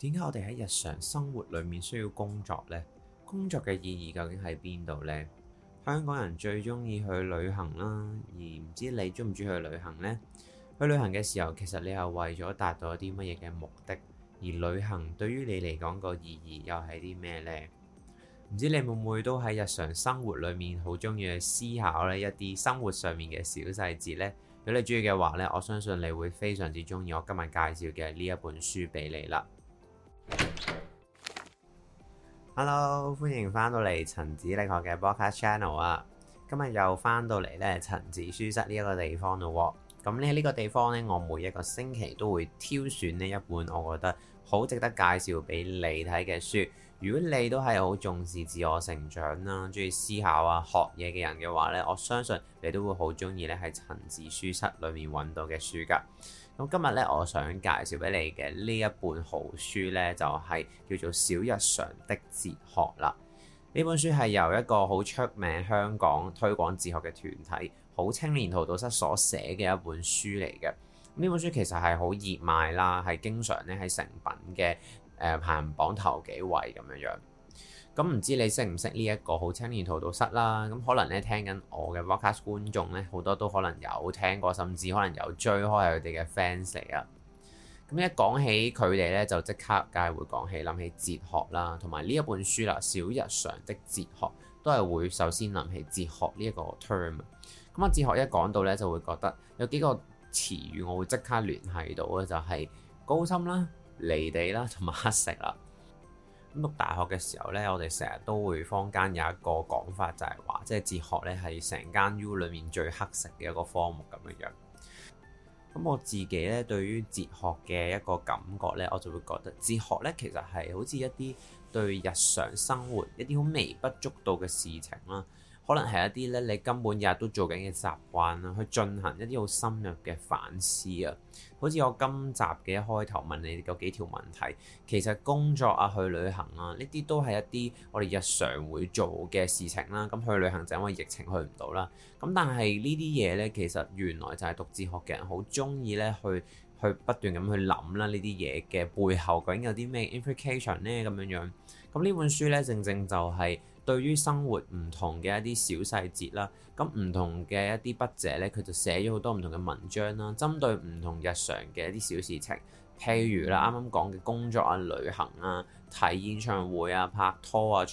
點解我哋喺日常生活裏面需要工作呢？工作嘅意義究竟喺邊度呢？香港人最中意去旅行啦，而唔知你中唔中意去旅行呢？去旅行嘅時候，其實你係為咗達到一啲乜嘢嘅目的，而旅行對於你嚟講個意義又係啲咩呢？唔知你會唔會都喺日常生活裏面好中意去思考呢一啲生活上面嘅小細節呢？如果你中意嘅話呢，我相信你會非常之中意我今日介紹嘅呢一本書俾你啦。hello，歡迎翻到嚟陳子力學嘅 Podcast Channel 啊。今日又翻到嚟咧塵籽書室呢一個地方咯。咁咧呢個地方咧，我每一個星期都會挑選呢一本我覺得好值得介紹俾你睇嘅書。如果你都係好重視自我成長啦，啊，中意思考啊學嘢嘅人嘅話咧，我相信你都會好中意咧喺塵籽書室裏面揾到嘅書噶。咁今日咧，我想介紹俾你嘅呢一本好書呢就係叫做《小日常的哲學》啦。呢本書係由一個好出名香港推廣哲學嘅團體，好青年荼毒室所寫嘅一本書嚟嘅。呢本書其實係好熱賣啦，係經常咧喺誠品嘅誒排行榜頭幾位咁樣樣。咁唔知你識唔識呢一個好青年荼毒室啦？咁可能咧聽緊我嘅 Vodcast 觀眾咧，好多都可能有聽過，甚至可能有追開佢哋嘅 fans 嚟啊！咁一講起佢哋咧，就即刻梗係會講起諗起哲學啦，同埋呢一本書啦，《小日常的哲學》，都係會首先諗起哲學呢一個 term。咁啊，哲學一講到咧，就會覺得有幾個詞語，我會即刻聯繫到嘅就係、是、高深啦、離地啦同埋乞食啦。讀大學嘅時候呢，我哋成日都會坊間有一個講法，就係話，即係哲學呢係成間 U 裡面最黑色嘅一個科目咁嘅樣。咁我自己呢，對於哲學嘅一個感覺呢，我就會覺得哲學呢其實係好似一啲對日常生活一啲好微不足道嘅事情啦。可能係一啲咧，你根本日日都做緊嘅習慣啦，去進行一啲好深入嘅反思啊。好似我今集嘅一開頭問你有幾條問題，其實工作啊、去旅行啊，呢啲都係一啲我哋日常會做嘅事情啦。咁去旅行就因為疫情去唔到啦。咁但係呢啲嘢呢，其實原來就係讀哲學嘅人好中意呢去去不斷咁去諗啦，呢啲嘢嘅背後究竟有啲咩 implication 呢？咁樣樣。咁呢本書呢，正正就係、是。對於生活唔同嘅一啲小細節啦，咁唔同嘅一啲筆者呢，佢就寫咗好多唔同嘅文章啦，針對唔同日常嘅一啲小事情，譬如啦啱啱講嘅工作啊、旅行啊、睇演唱會啊、拍拖啊，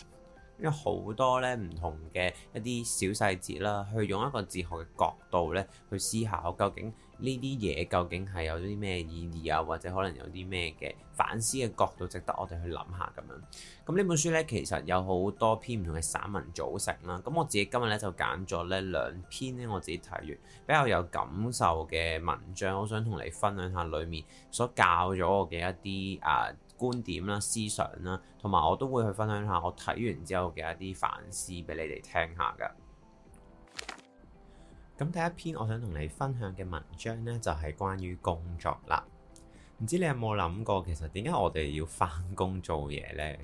因為好多呢唔同嘅一啲小細節啦，去用一個哲學嘅角度呢，去思考究竟。呢啲嘢究竟係有啲咩意義啊？或者可能有啲咩嘅反思嘅角度值得我哋去諗下咁樣。咁呢本書呢，其實有好多篇唔同嘅散文組成啦。咁我自己今日呢就揀咗呢兩篇呢，我自己睇完比較有感受嘅文章，我想同你分享下裡面所教咗我嘅一啲啊觀點啦、思想啦，同埋我都會去分享下我睇完之後嘅一啲反思俾你哋聽下㗎。咁第一篇我想同你分享嘅文章呢，就係關於工作啦。唔知你有冇諗過，其實點解我哋要翻工做嘢呢？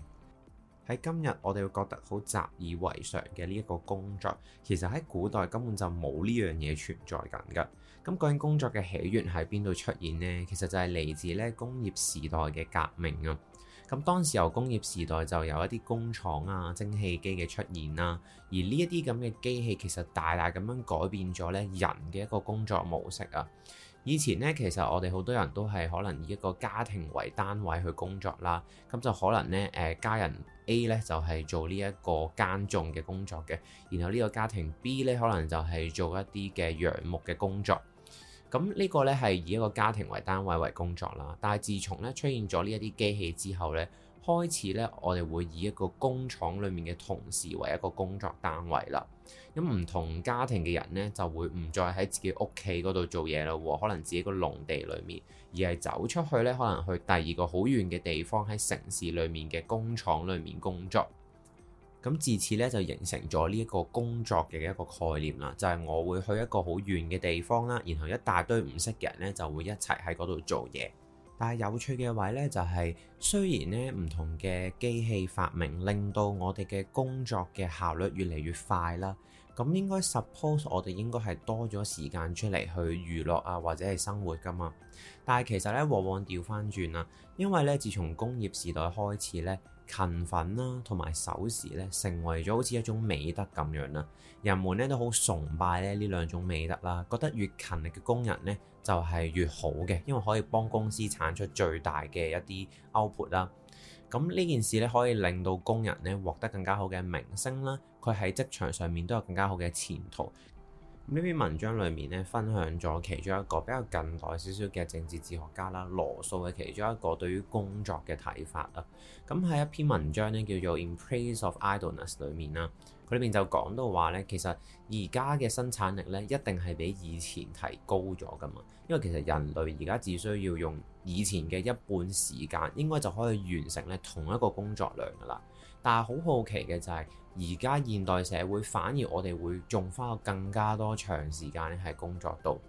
喺今日我哋會覺得好習以為常嘅呢一個工作，其實喺古代根本就冇呢樣嘢存在緊噶。咁究竟工作嘅起源喺邊度出現呢？其實就係嚟自咧工業時代嘅革命啊！咁當時由工業時代就有一啲工廠啊、蒸汽機嘅出現啦、啊，而呢一啲咁嘅機器其實大大咁樣改變咗咧人嘅一個工作模式啊。以前咧，其實我哋好多人都係可能以一個家庭為單位去工作啦、啊，咁就可能咧誒、呃、家人 A 咧就係、是、做呢一個耕種嘅工作嘅，然後呢個家庭 B 咧可能就係做一啲嘅養牧嘅工作。咁呢個呢，係以一個家庭為單位為工作啦，但係自從呢出現咗呢一啲機器之後呢，開始呢，我哋會以一個工廠裡面嘅同事為一個工作單位啦。咁唔同家庭嘅人呢，就會唔再喺自己屋企嗰度做嘢咯，可能自己個農地裡面，而係走出去呢，可能去第二個好遠嘅地方喺城市裡面嘅工廠裡面工作。咁自此咧就形成咗呢一個工作嘅一個概念啦，就係我會去一個好遠嘅地方啦，然後一大堆唔識嘅人咧就會一齊喺嗰度做嘢。但係有趣嘅位咧就係，雖然咧唔同嘅機器發明令到我哋嘅工作嘅效率越嚟越快啦，咁應該 suppose 我哋應該係多咗時間出嚟去娛樂啊或者係生活㗎嘛。但係其實咧往往掉返轉啦，因為咧自從工業時代開始咧。勤奮啦，同埋守時咧，成為咗好似一種美德咁樣啦。人們咧都好崇拜咧呢兩種美德啦，覺得越勤力嘅工人咧就係越好嘅，因為可以幫公司產出最大嘅一啲 output 啦。咁呢件事咧可以令到工人咧獲得更加好嘅名聲啦，佢喺職場上面都有更加好嘅前途。呢篇文章裏面咧，分享咗其中一個比較近代少少嘅政治哲學家啦，羅素嘅其中一個對於工作嘅睇法啊。咁喺一篇文章咧，叫做《In Praise of Idleness》裏面啦，佢裏面就講到話咧，其實而家嘅生產力咧，一定係比以前提高咗噶嘛。因為其實人類而家只需要用以前嘅一半時間，應該就可以完成咧同一個工作量噶啦。但係好好奇嘅就係、是。而家現，現代社會，反而我哋會用翻更加多長時間咧，係工作度。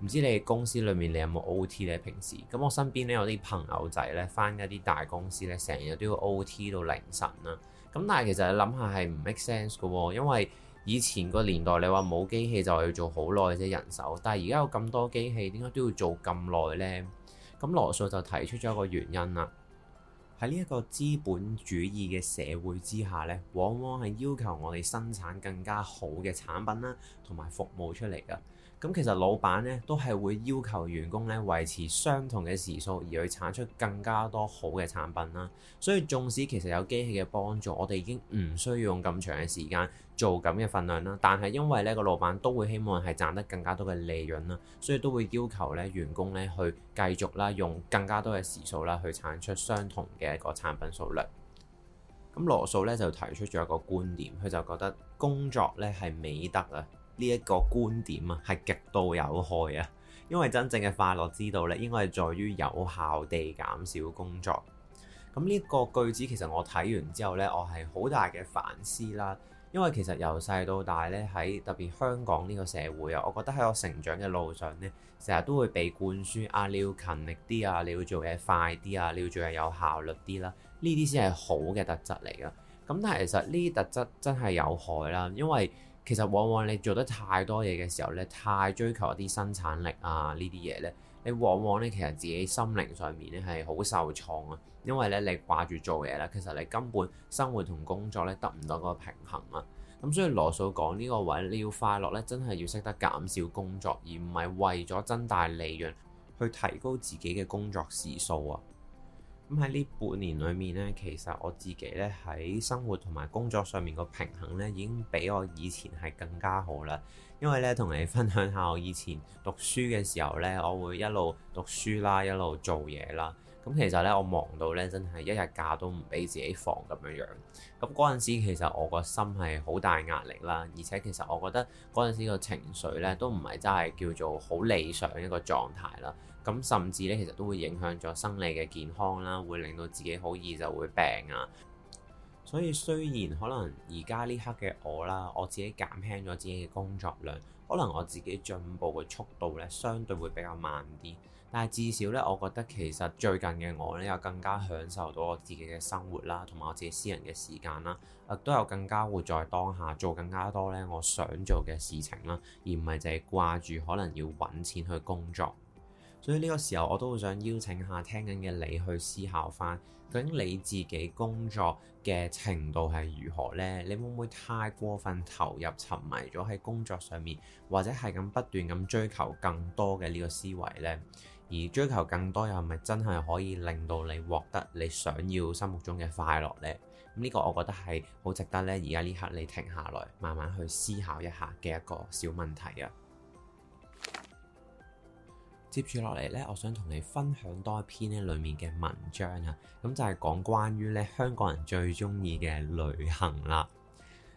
唔知你公司裏面你有冇 O.T. 咧？平時咁，我身邊咧有啲朋友仔咧，翻一啲大公司咧，成日都要 O.T. 到凌晨啦。咁但係其實你諗下係唔 make sense 嘅喎，因為以前個年代你話冇機器就要做好耐啫，人手。但係而家有咁多機器，點解都要做咁耐呢？咁羅素就提出咗一個原因啦。喺呢一個資本主義嘅社會之下咧，往往係要求我哋生產更加好嘅產品啦，同埋服務出嚟㗎。咁其實老闆咧都係會要求員工咧維持相同嘅時數，而去產出更加多好嘅產品啦。所以縱使其實有機器嘅幫助，我哋已經唔需要用咁長嘅時間做咁嘅份量啦。但係因為呢個老闆都會希望係賺得更加多嘅利潤啦，所以都會要求咧員工咧去繼續啦用更加多嘅時數啦去產出相同嘅一個產品數量。咁羅素咧就提出咗一個觀點，佢就覺得工作咧係美德啊。呢一個觀點啊，係極度有害啊！因為真正嘅快樂之道咧，應該係在於有效地減少工作。咁、這、呢個句子其實我睇完之後呢，我係好大嘅反思啦。因為其實由細到大呢，喺特別香港呢個社會啊，我覺得喺我成長嘅路上呢，成日都會被灌輸啊，你要勤力啲啊，你要做嘢快啲啊，你要做嘢有效率啲啦，呢啲先係好嘅特質嚟噶。咁但係其實呢啲特質真係有害啦，因為其實往往你做得太多嘢嘅時候呢，太追求一啲生產力啊呢啲嘢呢，你往往呢，其實自己心靈上面呢係好受創啊，因為呢，你掛住做嘢啦，其實你根本生活同工作呢得唔到個平衡啊。咁所以羅素講呢個位，你要快樂呢，真係要識得減少工作，而唔係為咗增大利潤去提高自己嘅工作時數啊。咁喺呢半年裏面呢，其實我自己呢，喺生活同埋工作上面個平衡呢，已經比我以前係更加好啦。因為呢，同你分享下我以前讀書嘅時候呢，我會一路讀書啦，一路做嘢啦。咁其實呢，我忙到呢，真係一日假都唔俾自己放咁樣樣。咁嗰陣時其實我個心係好大壓力啦，而且其實我覺得嗰陣時個情緒呢，都唔係真係叫做好理想一個狀態啦。咁甚至咧，其實都會影響咗生理嘅健康啦，會令到自己好易就會病啊。所以雖然可能而家呢刻嘅我啦，我自己減輕咗自己嘅工作量，可能我自己進步嘅速度咧相對會比較慢啲，但係至少咧，我覺得其實最近嘅我咧有更加享受到我自己嘅生活啦，同埋我自己私人嘅時間啦，都有更加活在當下，做更加多咧我想做嘅事情啦，而唔係淨係掛住可能要揾錢去工作。所以呢個時候我都好想邀請下聽緊嘅你去思考返，究竟你自己工作嘅程度係如何呢？你會唔會太過分投入沉迷咗喺工作上面，或者係咁不斷咁追求更多嘅呢個思維呢？而追求更多又係咪真係可以令到你獲得你想要心目中嘅快樂呢？咁呢個我覺得係好值得呢，而家呢刻你停下來，慢慢去思考一下嘅一個小問題啊！接住落嚟呢，我想同你分享多一篇呢裏面嘅文章啊，咁就係講關於咧香港人最中意嘅旅行啦。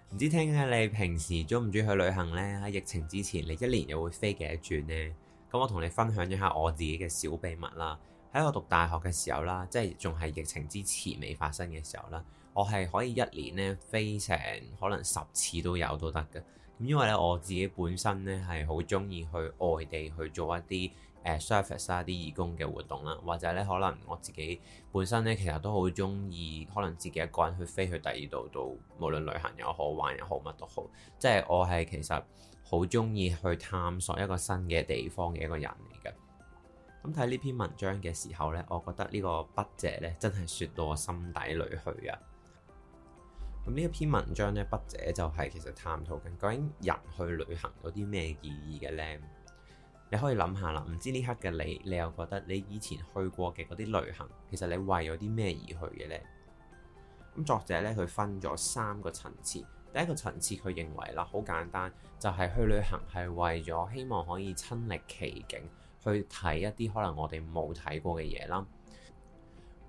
唔知聽咧，你平時中唔中意去旅行呢？喺疫情之前，你一年又會飛幾多轉呢？咁我同你分享一下我自己嘅小秘密啦。喺我讀大學嘅時候啦，即係仲係疫情之前未發生嘅時候啦，我係可以一年呢，飛成可能十次都有都得嘅。因為咧，我自己本身咧係好中意去外地去做一啲誒 service 啦、啲義工嘅活動啦，或者咧可能我自己本身咧其實都好中意，可能自己一個人去飛去第二度度，無論旅行又好、玩又好、乜都好，即係我係，其實好中意去探索一個新嘅地方嘅一個人嚟嘅。咁睇呢篇文章嘅時候咧，我覺得呢個筆者咧真係説到我心底裏去啊！呢一篇文章咧，筆者就係其實探討緊究竟人去旅行有啲咩意義嘅呢？你可以諗下啦，唔知呢刻嘅你，你又覺得你以前去過嘅嗰啲旅行，其實你為咗啲咩而去嘅呢？咁作者咧，佢分咗三個層次。第一個層次，佢認為啦，好簡單，就係去旅行係為咗希望可以親歷奇景，去睇一啲可能我哋冇睇過嘅嘢啦。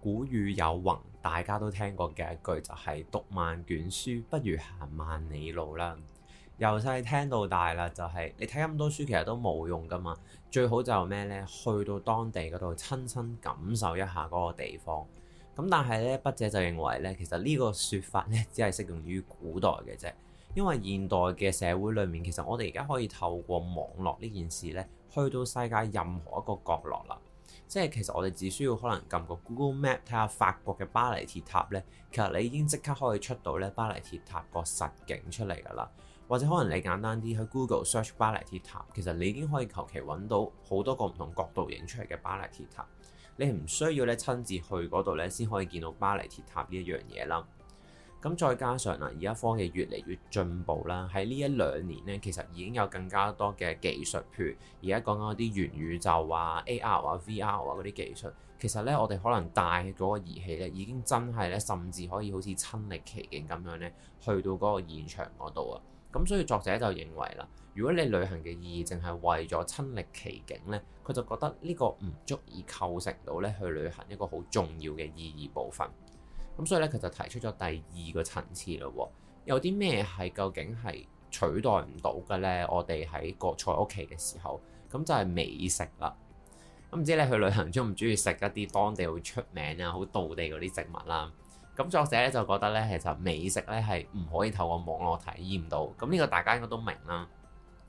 古語有云，大家都聽過嘅一句就係、是、讀萬卷書不如行萬里路啦。由細聽到大啦，就係、是、你睇咁多書，其實都冇用噶嘛。最好就係咩呢？去到當地嗰度親身感受一下嗰個地方。咁但係呢，筆者就認為呢，其實呢個説法呢，只係適用於古代嘅啫。因為現代嘅社會裏面，其實我哋而家可以透過網絡呢件事呢，去到世界任何一個角落啦。即係其實我哋只需要可能撳個 Google Map 睇下法國嘅巴黎鐵塔呢，其實你已經即刻可以出到呢巴黎鐵塔個實景出嚟噶啦。或者可能你簡單啲喺 Google search 巴黎鐵塔，其實你已經可以求其揾到好多個唔同角度影出嚟嘅巴黎鐵塔。你唔需要呢親自去嗰度呢，先可以見到巴黎鐵塔呢一樣嘢啦。咁再加上啦，而家科技越嚟越進步啦，喺呢一兩年呢，其實已經有更加多嘅技術，譬如而家講緊嗰啲元宇宙啊、AR 啊、VR 啊嗰啲技術，其實呢，我哋可能戴嗰個儀器呢，已經真係呢，甚至可以好似親歷其境咁樣呢，去到嗰個現場嗰度啊。咁所以作者就認為啦，如果你旅行嘅意義淨係為咗親歷其境呢，佢就覺得呢個唔足以構成到呢去旅行一個好重要嘅意義部分。咁所以咧，佢就提出咗第二個層次咯喎，有啲咩係究竟係取代唔到嘅呢？我哋喺國菜屋企嘅時候，咁就係美食啦。咁唔知你去旅行中唔中意食一啲當地會出名啊、好道地嗰啲食物啦？咁作者咧就覺得咧，其實美食咧係唔可以透過網絡體驗到。咁呢個大家應該都明啦。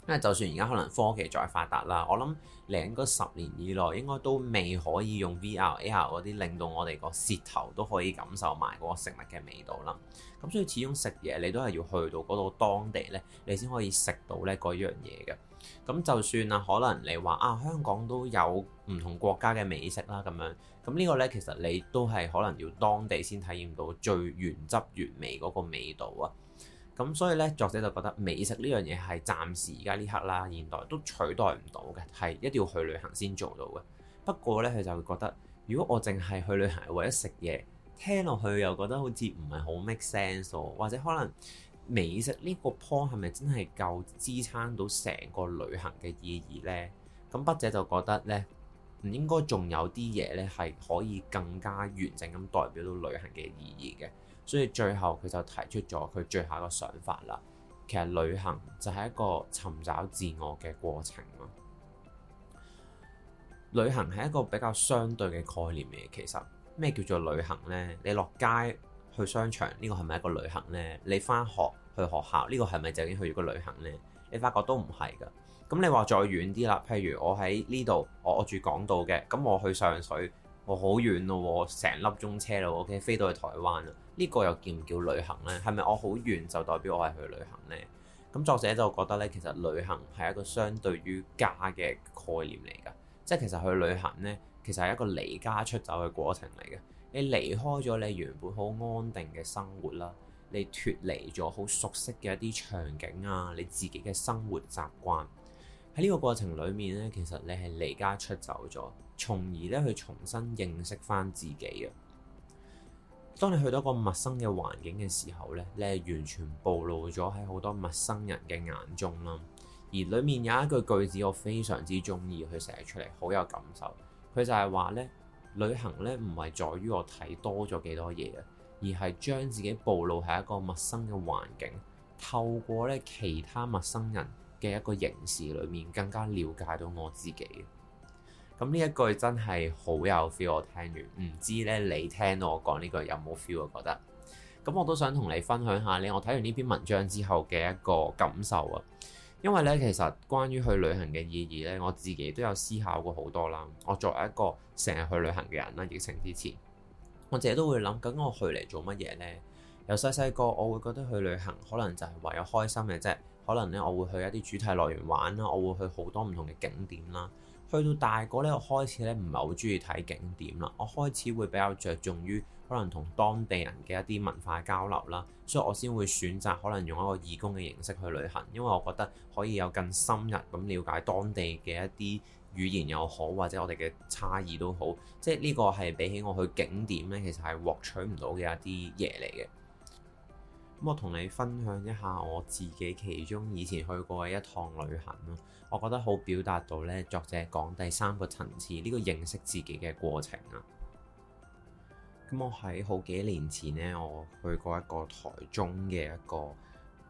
因為就算而家可能科技再發達啦，我諗嚟緊十年以內應該都未可以用 VR、AR 嗰啲令到我哋個舌頭都可以感受埋嗰個食物嘅味道啦。咁所以始終食嘢你都係要去到嗰度當地咧，你先可以食到咧嗰樣嘢嘅。咁就算啊，可能你話啊，香港都有唔同國家嘅美食啦，咁樣咁呢個咧，其實你都係可能要當地先體驗到最原汁原味嗰個味道啊。咁所以咧，作者就覺得美食呢樣嘢係暫時而家呢刻啦，現代都取代唔到嘅，係一定要去旅行先做到嘅。不過呢，佢就會覺得，如果我淨係去旅行為咗食嘢，聽落去又覺得好似唔係好 make sense 喎。或者可能美食呢個 point 係咪真係夠支撐到成個旅行嘅意義呢？咁筆者就覺得呢，唔應該仲有啲嘢呢係可以更加完整咁代表到旅行嘅意義嘅。所以最後佢就提出咗佢最後一個想法啦。其實旅行就係一個尋找自我嘅過程咯。旅行係一個比較相對嘅概念嘅，其實咩叫做旅行呢？你落街去商場呢個係咪一個旅行呢？你返學去學校呢個係咪就已經去咗個旅行呢？你發覺都唔係噶。咁你話再遠啲啦，譬如我喺呢度，我住港島嘅，咁我去上水。我好遠咯，成粒鐘車咯，OK，飛到去台灣啊！呢個又叫唔叫旅行呢？係咪我好遠就代表我係去旅行呢？咁作者就覺得呢，其實旅行係一個相對於家嘅概念嚟㗎，即係其實去旅行呢，其實係一個離家出走嘅過程嚟嘅，你離開咗你原本好安定嘅生活啦，你脫離咗好熟悉嘅一啲場景啊，你自己嘅生活習慣。喺呢個過程裏面呢，其實你係離家出走咗，從而咧去重新認識翻自己啊！當你去到一個陌生嘅環境嘅時候呢，你係完全暴露咗喺好多陌生人嘅眼中啦。而裡面有一句句子，我非常之中意佢寫出嚟，好有感受。佢就係話呢，旅行呢唔係在於我睇多咗幾多嘢，而係將自己暴露喺一個陌生嘅環境，透過咧其他陌生人。嘅一個形事裏面，更加了解到我自己。咁呢一句真係好有 feel，我聽完，唔知咧你聽到我講呢句有冇 feel 我覺得，咁我都想同你分享下咧，我睇完呢篇文章之後嘅一個感受啊！因為咧其實關於去旅行嘅意義咧，我自己都有思考過好多啦。我作為一個成日去旅行嘅人啦，疫情之前，我自己都會諗：咁我去嚟做乜嘢呢？」由細細個我會覺得去旅行可能就係為咗開心嘅啫。可能咧，我會去一啲主題樂園玩啦，我會去好多唔同嘅景點啦。去到大個咧，我開始咧唔係好鍾意睇景點啦。我開始會比較着重於可能同當地人嘅一啲文化交流啦，所以我先會選擇可能用一個義工嘅形式去旅行，因為我覺得可以有更深入咁了解當地嘅一啲語言又好，或者我哋嘅差異都好，即係呢個係比起我去景點咧，其實係獲取唔到嘅一啲嘢嚟嘅。咁我同你分享一下我自己其中以前去過嘅一趟旅行啦，我覺得好表達到咧作者講第三個層次呢、呢個認識自己嘅過程啊。咁我喺好幾年前咧，我去過一個台中嘅一個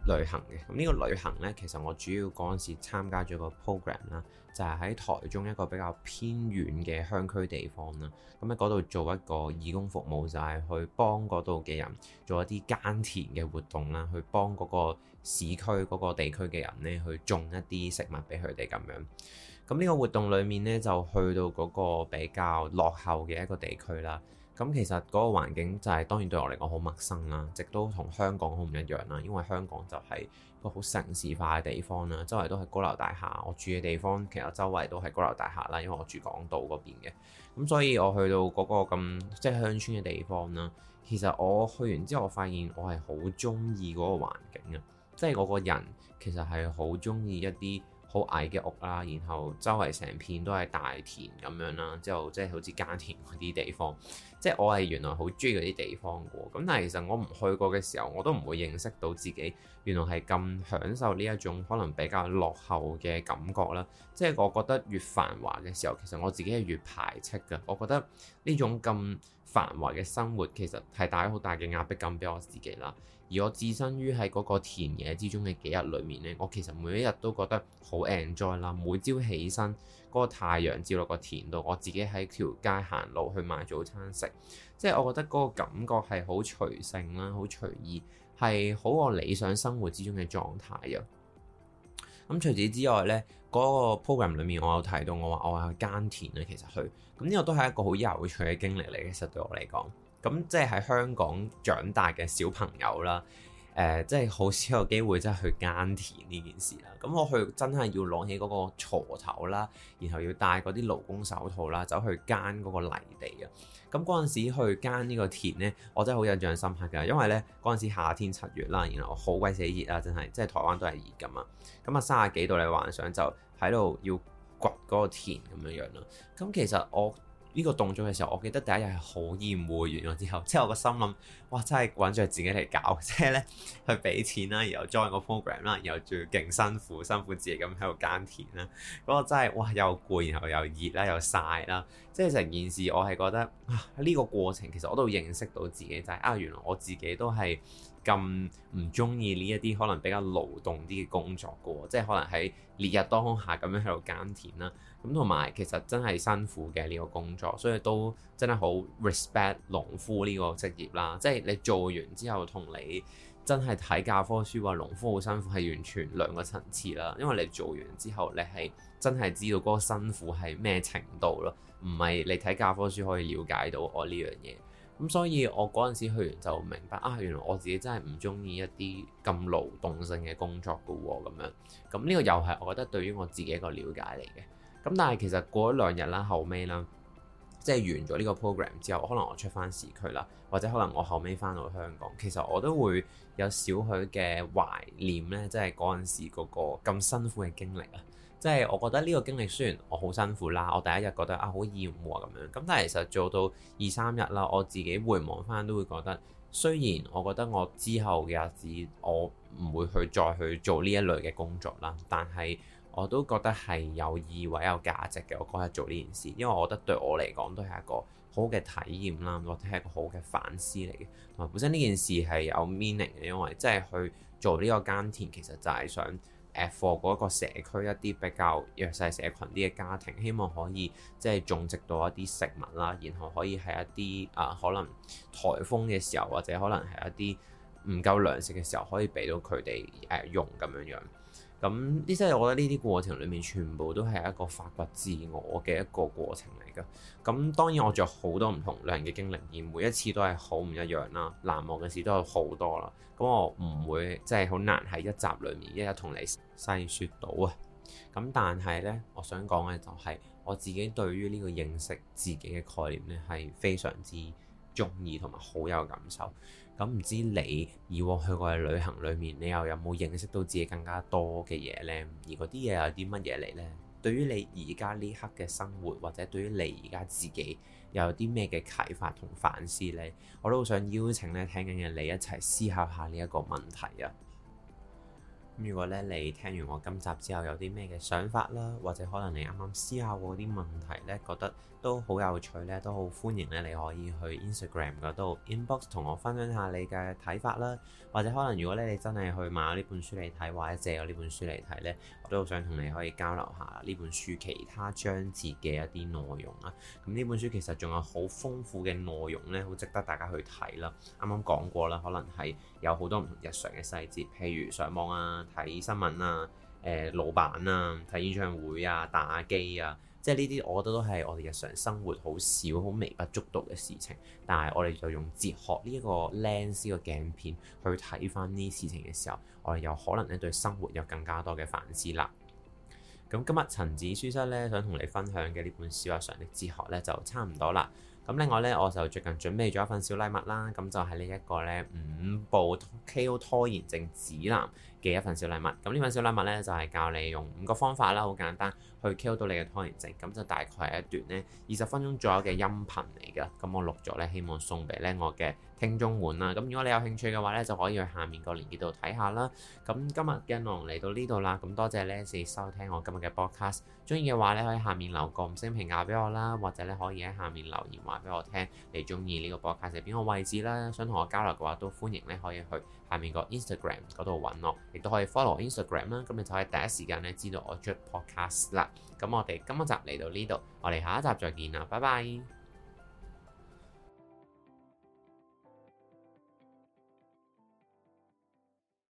旅行嘅，咁呢個旅行呢，其實我主要嗰陣時參加咗個 program 啦，就係喺台中一個比較偏遠嘅鄉區地方啦。咁喺嗰度做一個義工服務，就係去幫嗰度嘅人做一啲耕田嘅活動啦，去幫嗰個市區嗰個地區嘅人呢，去種一啲食物俾佢哋咁樣。咁呢個活動裡面呢，就去到嗰個比較落後嘅一個地區啦。咁其實嗰個環境就係、是、當然對我嚟講好陌生啦，亦都同香港好唔一樣啦。因為香港就係個好城市化嘅地方啦，周圍都係高樓大廈。我住嘅地方其實周圍都係高樓大廈啦，因為我住港島嗰邊嘅。咁所以我去到嗰個咁即係鄉村嘅地方啦，其實我去完之後，我發現我係好中意嗰個環境啊，即、就、係、是、我個人其實係好中意一啲好矮嘅屋啦，然後周圍成片都係大田咁樣啦，之後即係好似耕田嗰啲地方，即係我係原來好鍾意嗰啲地方嘅，咁但係其實我唔去過嘅時候，我都唔會認識到自己原來係咁享受呢一種可能比較落後嘅感覺啦。即係我覺得越繁華嘅時候，其實我自己係越排斥㗎。我覺得呢種咁繁華嘅生活，其實係帶咗好大嘅壓迫感俾我自己啦。而我置身於喺嗰個田野之中嘅幾日裏面呢，我其實每一日都覺得好 enjoy 啦。每朝起身，嗰、那個太陽照落個田度，我自己喺條街行路去買早餐食，即係我覺得嗰個感覺係好隨性啦，好隨意，係好我理想生活之中嘅狀態啊。咁、嗯、除此之外呢，嗰、那個 program 裏面我有提到，我話我話去耕田啊，其實去，咁、那、呢個都係一個好有趣嘅經歷嚟。其實對我嚟講。咁即係喺香港長大嘅小朋友啦，誒、呃，即係好少有機會即係去耕田呢件事啦。咁我去真係要攞起嗰個鋤頭啦，然後要戴嗰啲勞工手套啦，走去耕嗰個泥地啊。咁嗰陣時去耕呢個田呢，我真係好印象深刻嘅，因為呢嗰陣時夏天七月啦，然後好鬼死熱啊，真係，即係台灣都係熱噶嘛。咁啊，三十幾度你幻想，就喺度要掘嗰個田咁樣樣咯。咁其實我呢個動作嘅時候，我記得第一日係好厭惡，完咗之後，即係我個心諗，哇！真係揾住自己嚟搞，即係呢去俾錢啦，然後 join 個 program 啦，然後仲要勁辛苦，辛苦自己咁喺度耕田啦。嗰個真係哇，又攰，然後又熱啦，又曬啦，即係成件事，我係覺得啊，呢、這個過程其實我都認識到自己就係、是、啊，原來我自己都係。咁唔中意呢一啲可能比較勞動啲嘅工作嘅喎，即係可能喺烈日當空下咁樣喺度耕田啦，咁同埋其實真係辛苦嘅呢個工作，所以都真係好 respect 農夫呢個職業啦。即係你做完之後，同你真係睇教科書話農夫好辛苦係完全兩個層次啦。因為你做完之後，你係真係知道嗰個辛苦係咩程度咯，唔係你睇教科書可以了解到我呢樣嘢。咁所以我嗰陣時去完就明白啊，原來我自己真係唔中意一啲咁勞動性嘅工作噶喎啊，咁樣咁呢個又係我覺得對於我自己一個了解嚟嘅。咁但係其實過咗兩日啦，後尾啦，即係完咗呢個 program 之後，可能我出翻市區啦，或者可能我後尾翻到香港，其實我都會有少許嘅懷念咧，即係嗰陣時嗰個咁辛苦嘅經歷啊。即係我覺得呢個經歷雖然我好辛苦啦，我第一日覺得啊好厭惡咁樣，咁但係其實做到二三日啦，我自己回望翻都會覺得，雖然我覺得我之後嘅日子我唔會去再去做呢一類嘅工作啦，但係我都覺得係有意義、有價值嘅。我嗰日做呢件事，因為我覺得對我嚟講都係一個好嘅體驗啦，或者係一個好嘅反思嚟嘅。同埋本身呢件事係有 meaning 嘅，因為即係去做呢個耕田，其實就係想。誒貨嗰一個社區一啲比較弱勢社群啲嘅家庭，希望可以即係種植到一啲食物啦，然後可以係一啲啊、呃、可能颱風嘅時候，或者可能係一啲唔夠糧食嘅時候，可以俾到佢哋誒用咁樣樣。咁，呢啲係我覺得呢啲過程裏面，全部都係一個發掘自我嘅一個過程嚟㗎。咁當然我仲有好多唔同類型嘅經歷，而每一次都係好唔一樣啦，難忘嘅事都有好多啦。咁我唔會即係好難喺一集裏面一日同你細説到啊。咁但係呢，我想講嘅就係、是、我自己對於呢個認識自己嘅概念呢，係非常之～中意同埋好有感受，咁唔知你以往去過嘅旅行裏面，你又有冇認識到自己更加多嘅嘢呢？而嗰啲嘢又有啲乜嘢嚟呢？對於你而家呢刻嘅生活，或者對於你而家自己，又有啲咩嘅啟發同反思呢？我都好想邀請咧，聽緊嘅你一齊思考下呢一個問題啊！如果咧你聽完我今集之後有啲咩嘅想法啦，或者可能你啱啱思考過啲問題咧，覺得都好有趣咧，都好歡迎咧，你可以去 Instagram 嗰度 inbox 同我分享下你嘅睇法啦。或者可能如果咧你真係去買呢本書嚟睇，或者借我呢本書嚟睇咧，我都好想同你可以交流下呢本書其他章節嘅一啲內容啊。咁呢本書其實仲有好豐富嘅內容咧，好值得大家去睇啦。啱啱講過啦，可能係有好多唔同日常嘅細節，譬如上網啊。睇新聞啊，誒、呃，老闆啊，睇演唱會啊，打機啊，即係呢啲，我覺得都係我哋日常生活好少、好微不足道嘅事情。但係我哋就用哲學呢一個 Lens 呢個鏡片去睇翻呢啲事情嘅時候，我哋有可能咧對生活有更加多嘅反思啦。咁今日塵籽書室咧想同你分享嘅呢本書《小日常的哲學》呢咧就差唔多啦。咁另外咧，我就最近準備咗一份小禮物啦，咁就係呢一個咧五步 KO 拖延症指南。嘅一份小禮物，咁呢份小禮物咧就係、是、教你用五個方法啦，好簡單去 kill 到你嘅拖延症，咁就大概係一段咧二十分鐘左右嘅音頻嚟嘅，咁我錄咗咧，希望送俾咧我嘅。青忠門啦，咁如果你有興趣嘅話咧，就可以去下面個連結度睇下啦。咁今日嘅內容嚟到呢度啦，咁多謝咧四收聽我今日嘅 podcast。中意嘅話咧，可以下面留個五星評價俾我啦，或者咧可以喺下面留言話俾我聽，你中意呢個 podcast 係邊個位置啦。想同我交流嘅話，都歡迎咧可以去下面個 Instagram 嗰度揾我，亦都可以 follow Instagram 啦，咁你就可以第一時間咧知道我出 podcast 啦。咁我哋今集嚟到呢度，我哋下一集再見啦，拜拜。